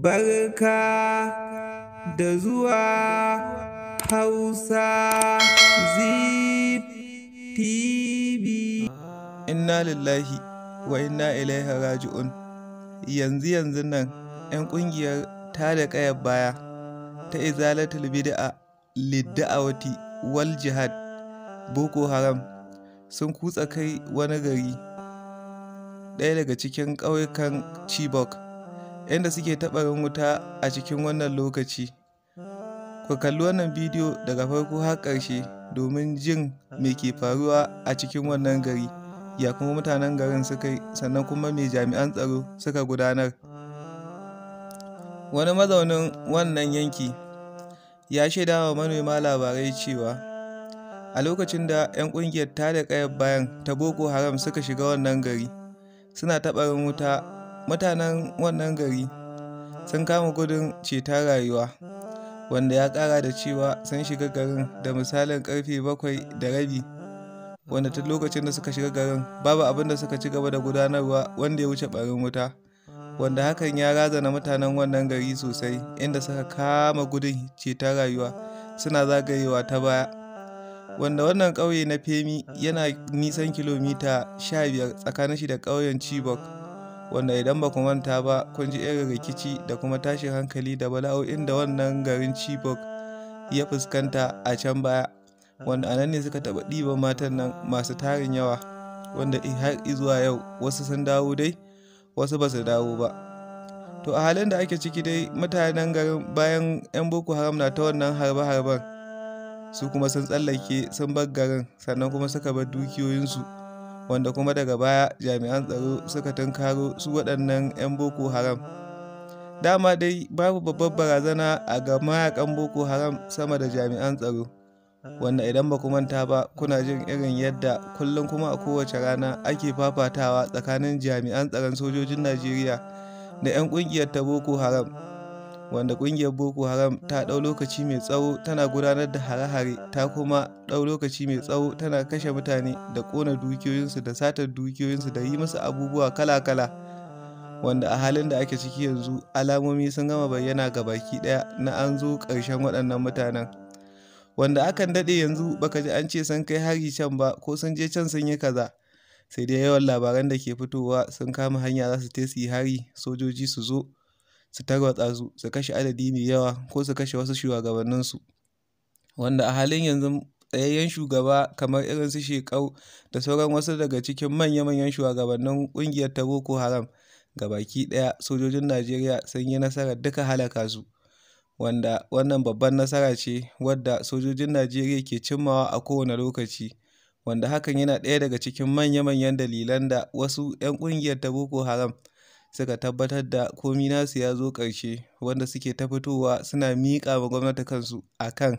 Barka da zuwa Hausa Zip TV. Inna lillahi wa inna ilaihi raji'un. Yanzu yanzu nan 'yan ƙungiyar ta da ƙayar baya ta izalatul bid'a lidda'awati wal jihad Boko Haram sun kutsa kai wani gari ɗaya daga cikin ƙauyukan Chibok. yadda suke taɓarin wuta a cikin wannan lokaci. Ku kalli wannan bidiyo daga farko har ƙarshe domin jin me ke faruwa a cikin wannan gari, ya kuma mutanen garin suka yi sannan kuma mai jami'an tsaro suka gudanar. Wani mazaunin wannan yanki ya shaida wa manoma labarai cewa a lokacin da 'yan ƙungiyar tada ƙayar bayan ta Boko Haram suka shiga wannan gari, suna taɓarin wuta mutanen wannan gari sun kama gudun ceta rayuwa wanda ya kara da cewa sun shiga garin da misalin karfe bakwai da rabi wanda tun lokacin da suka shiga garin babu abin da suka ci gaba da gudanarwa wanda ya wuce barin wuta wanda hakan ya razana mutanen wannan gari sosai inda suka kama gudun ceta rayuwa suna zagayewa ta baya wanda wannan ƙauye na femi yana nisan kilomita 15 tsakanin shi da ƙauyen chibok wanda idan ba ku manta ba kun ji irin rikici da kuma tashin hankali da bala'o'in da wannan garin chibok ya fuskanta a can baya wanda a nan ne suka taɓa ɗiban matan nan masu tarin yawa wanda har zuwa yau wasu sun dawo dai wasu ba su dawo ba to a halin da ake ciki dai mutanen garin bayan 'yan boko haram na ta wannan harbe-harben su kuma sun tsallake sun bar garin sannan kuma suka bar dukiyoyinsu wanda kuma daga baya jami'an tsaro suka tunkaro su waɗannan 'yan boko haram dama dai babu babbar barazana a ga mayakan boko haram sama da jami'an tsaro wanda idan ba ku manta ba kuna jin irin yadda kullum kuma a kowace rana ake fafatawa tsakanin jami'an tsaron sojojin najeriya da 'yan kungiyar ta boko haram wanda ƙungiyar boko haram ta ɗau lokaci mai tsawo tana gudanar da hare-hare ta kuma ɗau lokaci mai tsawo tana kashe mutane da ƙona dukiyoyinsu da satar dukiyoyinsu da yi masu abubuwa kala-kala wanda a halin da ake ciki yanzu alamomi sun gama bayyana ga baki ɗaya na an zo ƙarshen waɗannan mutanen wanda akan daɗe yanzu baka ji an ce sun kai hari can ba ko sun je can sun yi kaza sai dai yawan labaran da ke fitowa sun kama hanya za su tesi hari sojoji su zo su tarwatsa su su kashe adadi mai yawa ko su kashe wasu shugabanninsu wanda a halin yanzu tsayayyen shugaba kamar irin su shekau da sauran wasu daga cikin manya-manyan shugabannin kungiyar ta boko haram ga baki ɗaya sojojin najeriya sun yi nasarar duka halaka su wanda wannan babban nasara ce wadda sojojin najeriya ke cimmawa a kowane lokaci wanda hakan yana ɗaya daga cikin manya-manyan dalilan da wasu 'yan kungiyar ta boko haram suka tabbatar da komi nasu ya zo ƙarshe wanda suke ta fitowa suna miƙa wa gwamnati kansu a kan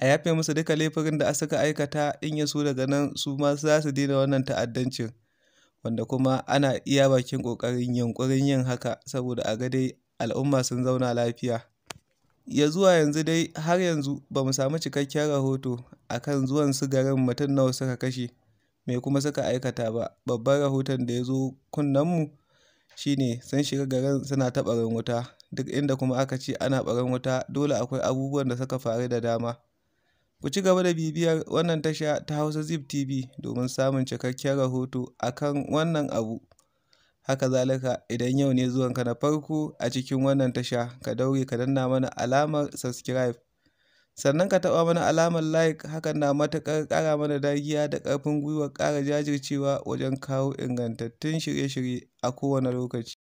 a yafe musu duka laifukan da suka aikata in ya so daga nan su ma za su daina wannan ta'addancin wanda kuma ana iya bakin ƙoƙarin yunƙurin yin haka saboda a ga dai al'umma sun zauna lafiya ya zuwa yanzu dai har yanzu ba mu samu cikakken rahoto a kan zuwan su garin mutum nawa suka kashe me kuma suka aikata ba babban rahoton da ya zo kunnenmu shine sun shiga garin suna ta ɓarin wuta duk inda kuma aka ce ana ɓarin wuta dole akwai abubuwan da suka faru da dama ku ci gaba da bibiyar wannan tasha ta hausa zip tv domin samun cikakken rahoto akan wannan abu haka zalika idan yau ne zuwanka na farko a cikin wannan tasha ka daure ka danna mana alamar subscribe sannan ka taɓa mana alamar like hakan na matuƙar ƙara mana dagiya da ƙarfin gwiwa ƙara jajircewa wajen kawo ingantattun shirye-shirye a kowane lokaci